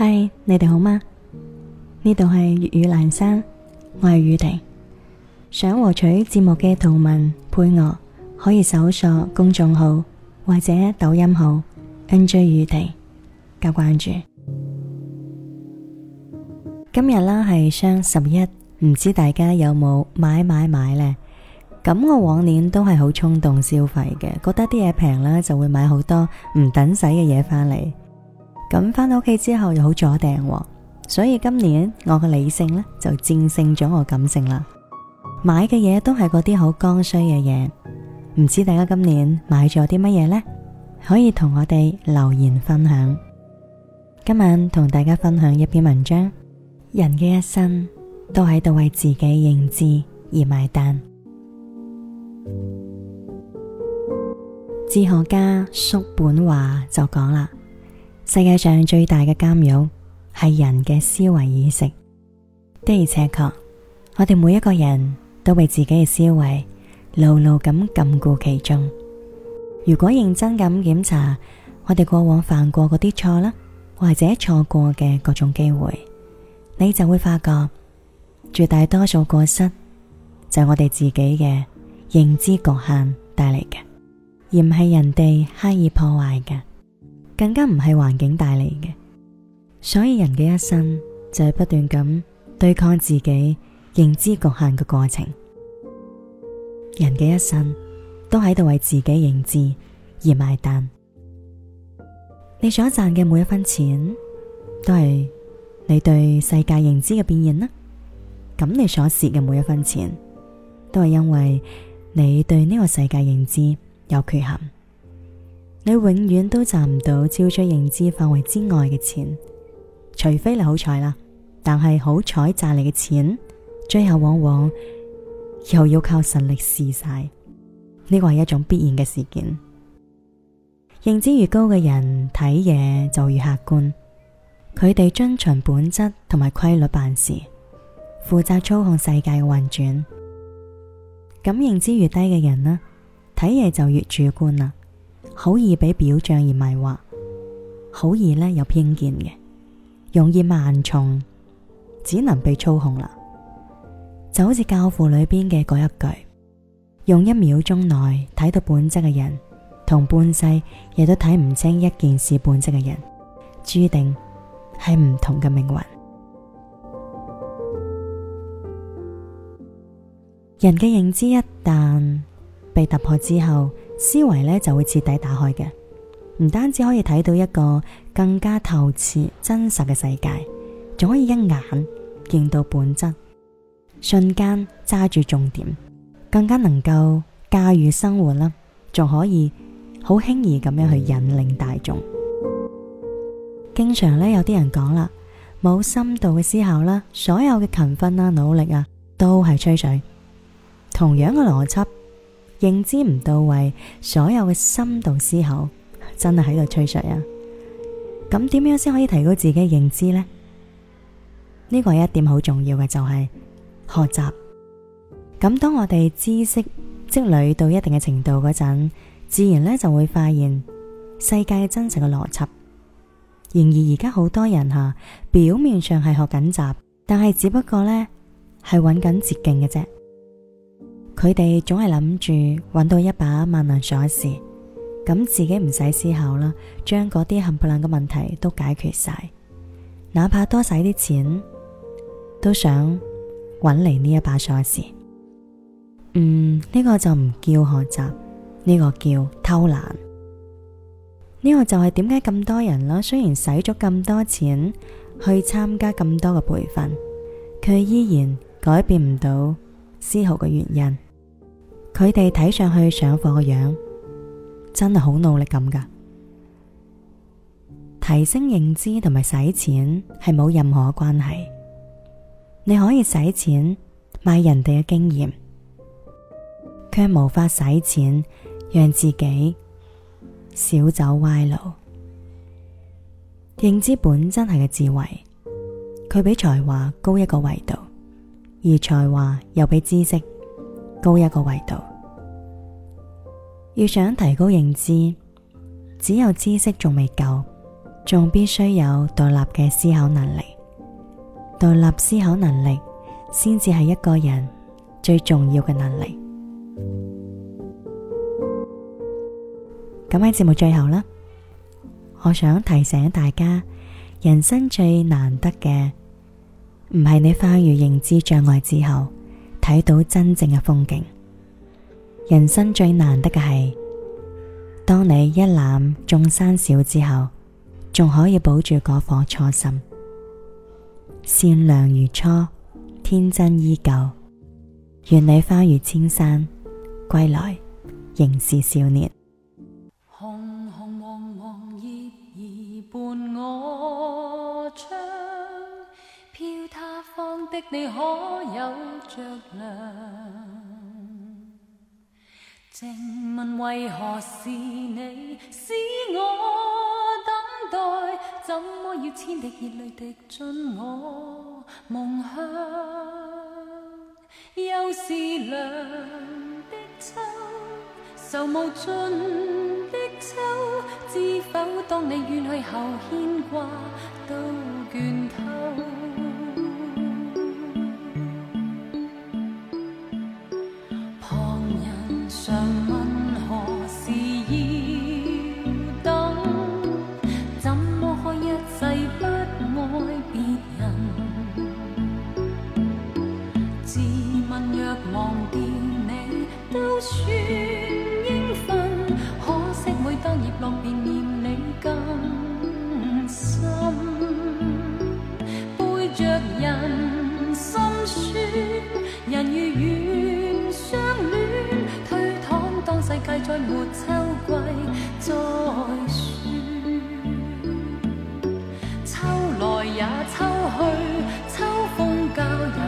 嗨，Hi, 你哋好嗎？呢度係粵語蘭山，我係宇婷。想獲取節目嘅圖文配樂，可以搜索公眾號或者抖音號 NJ 宇婷加關注。今日啦係雙十一，唔知大家有冇買買買呢？咁我往年都係好衝動消費嘅，覺得啲嘢平啦，就會買好多唔等使嘅嘢返嚟。咁返到屋企之後又好阻埞，所以今年我嘅理性呢，就戰勝咗我感性啦。買嘅嘢都係嗰啲好剛需嘅嘢，唔知大家今年買咗啲乜嘢呢？可以同我哋留言分享。今晚同大家分享一篇文章，人嘅一生都喺度為自己認知而買單。哲學家叔本華就講啦。世界上最大嘅監獄係人嘅思維意識，的而且確，我哋每一個人都被自己嘅思維牢牢咁禁錮其中。如果認真咁檢查我哋過往犯過嗰啲錯啦，或者錯過嘅各種機會，你就會發覺絕大多數過失就係我哋自己嘅認知局限帶嚟嘅，而唔係人哋刻意破壞嘅。更加唔係環境帶嚟嘅，所以人嘅一生就係不斷咁對抗自己認知局限嘅過程。人嘅一生都喺度為自己認知而埋單。你所賺嘅每一分錢，都係你對世界認知嘅變現啦。咁你所蝕嘅每一分錢，都係因為你對呢個世界認知有缺陷。你永遠都賺唔到超出認知範圍之外嘅錢，除非你好彩啦。但係好彩賺嚟嘅錢，最後往往又要靠實力蝕晒。呢個係一種必然嘅事件。認知越高嘅人睇嘢，就越客觀，佢哋遵循本質同埋規律辦事，負責操控世界嘅運轉。咁認知越低嘅人呢，睇嘢，就越主觀啦。好易俾表象而迷惑，好易呢有偏見嘅，容易盲從，只能被操控啦。就好似教父裏邊嘅嗰一句：用一秒鐘內睇到本質嘅人，同半世亦都睇唔清一件事本質嘅人，注定係唔同嘅命運。人嘅認知一旦被突破之後。思維咧就會徹底打開嘅，唔單止可以睇到一個更加透徹真實嘅世界，仲可以一眼見到本質，瞬間揸住重點，更加能夠駕馭生活啦，仲可以好輕易咁樣去引領大眾。經常咧有啲人講啦，冇深度嘅思考啦，所有嘅勤奮啊、努力啊，都係吹水。同樣嘅邏輯。認知唔到位，所有嘅深度思考真係喺度吹水啊！咁點樣先可以提高自己嘅認知呢？呢個係一點好重要嘅，就係學習。咁當我哋知識積累到一定嘅程度嗰陣，自然咧就會發現世界嘅真實嘅邏輯。然而而家好多人吓，表面上係學緊習，但係只不過咧係揾緊捷徑嘅啫。佢哋總係諗住揾到一把萬能鎖匙，咁自己唔使思考啦，將嗰啲冚唪唥嘅問題都解決晒，哪怕多使啲錢，都想揾嚟呢一把鎖匙。嗯，呢個就唔叫學習，呢個叫偷懶。呢個就係點解咁多人啦，雖然使咗咁多錢去參加咁多嘅培訓，佢依然改變唔到絲毫嘅原因。佢哋睇上去上課嘅樣，真係好努力噉㗎。提升認知同埋使錢係冇任何關係。你可以使錢買人哋嘅經驗，卻無法使錢讓自己少走歪路。認知本真係個智慧，佢比才華高一個維度，而才華又比知識高一個維度，要想提高認知，只有知識仲未夠，仲必須有獨立嘅思考能力。獨立思考能力先至係一個人最重要嘅能力。咁喺節目最後啦，我想提醒大家，人生最難得嘅唔係你跨越認知障礙之後。睇到真正嘅風景，人生最難得嘅係，當你一覽眾山小之後，仲可以保住嗰顆初心，善良如初，天真依舊。願你翻越千山，歸來仍是少年。的你可有着涼？靜問為何是你使我等待？怎麼要千滴熱淚滴進我夢鄉？又是涼的秋，愁無盡的秋，知否當你遠去後，牽掛都倦。可惜每當葉落便念你更深，背着人心酸，人如願相戀。推搪當世界再沒秋季，再說秋來也秋去，秋風教人。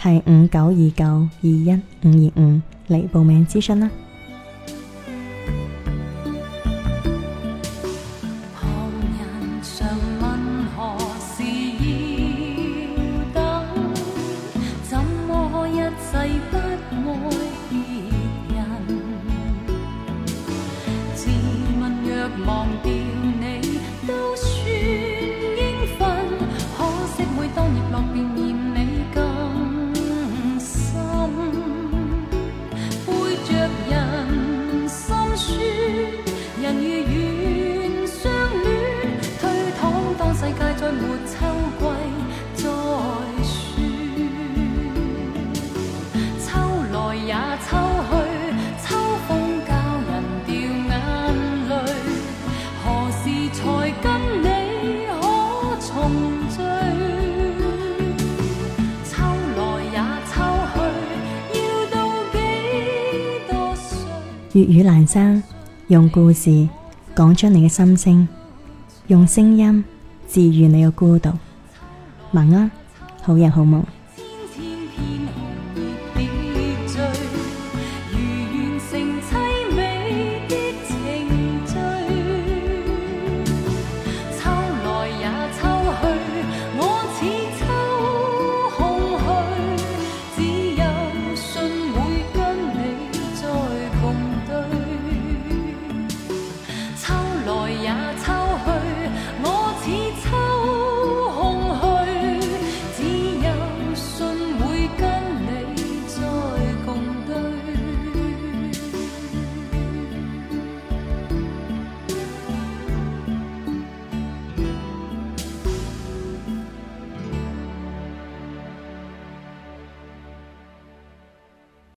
係五九二九二一五二五嚟報名諮詢啦！旁人常問何時要等，怎麼我一世不愛別人？自問若忘掉你，都算應分，可惜每當秋風教人掉眼淚何時才跟你可重聚？粵語男生，用故事講出你嘅心聲，用聲音治愈你嘅孤獨。晚安、啊，好人好夢。